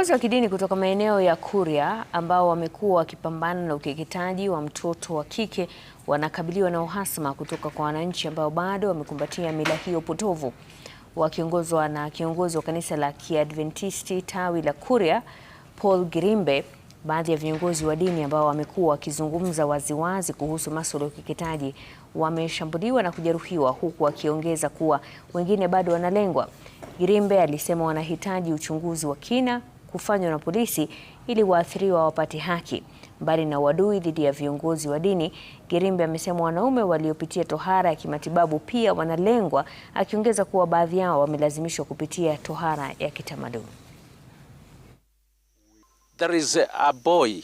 Viongozi wa kidini kutoka maeneo ya Kuria ambao wamekuwa wakipambana na ukeketaji wa mtoto wa kike wanakabiliwa na uhasama kutoka kwa wananchi ambao bado wamekumbatia mila hiyo potovu. Wakiongozwa na kiongozi wa kanisa la Kiadventisti tawi la Kuria, Paul Girimbe, baadhi ya viongozi wa dini ambao wamekuwa wakizungumza waziwazi kuhusu masuala ya ukeketaji wameshambuliwa na kujeruhiwa, huku wakiongeza kuwa wengine bado wanalengwa. Girimbe alisema wanahitaji uchunguzi wa kina kufanywa na polisi ili waathiriwa wapate haki. Mbali na uadui dhidi ya viongozi wa dini, Girimbe amesema wanaume waliopitia tohara ya kimatibabu pia wanalengwa, akiongeza kuwa baadhi yao wamelazimishwa kupitia tohara ya kitamaduni. There is a boy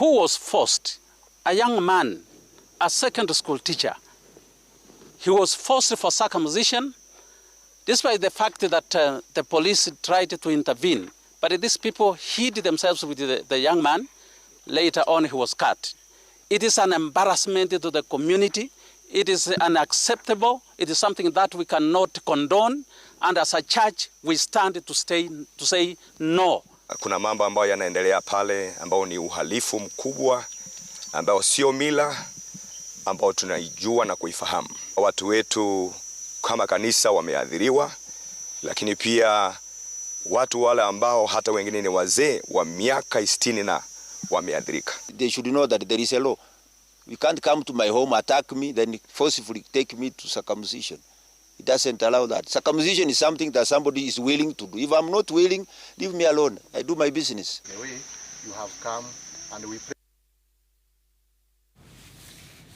who was forced, a young man, a secondary school teacher. He was forced for circumcision. Despite the fact that uh, the police tried to intervene, but these people hid themselves with the, the young man. Later on, he was cut. It is an embarrassment to the community. It is unacceptable. It is something that we cannot condone. And as a church, we stand to, stay, to say no. Kuna mambo ambayo yanaendelea pale ambao ni uhalifu mkubwa ambao sio mila ambao tunaijua na kuifahamu. Watu wetu kama kanisa wameathiriwa, lakini pia watu wale ambao hata wengine ni wazee wa miaka 60 na wameathirika. They should know that there is a law. You can't come to my home, attack me, then forcefully take me to circumcision. It doesn't allow that. Circumcision is something that somebody is willing to do. If I'm not willing, leave me alone. I do my business. The way you have come and we pray.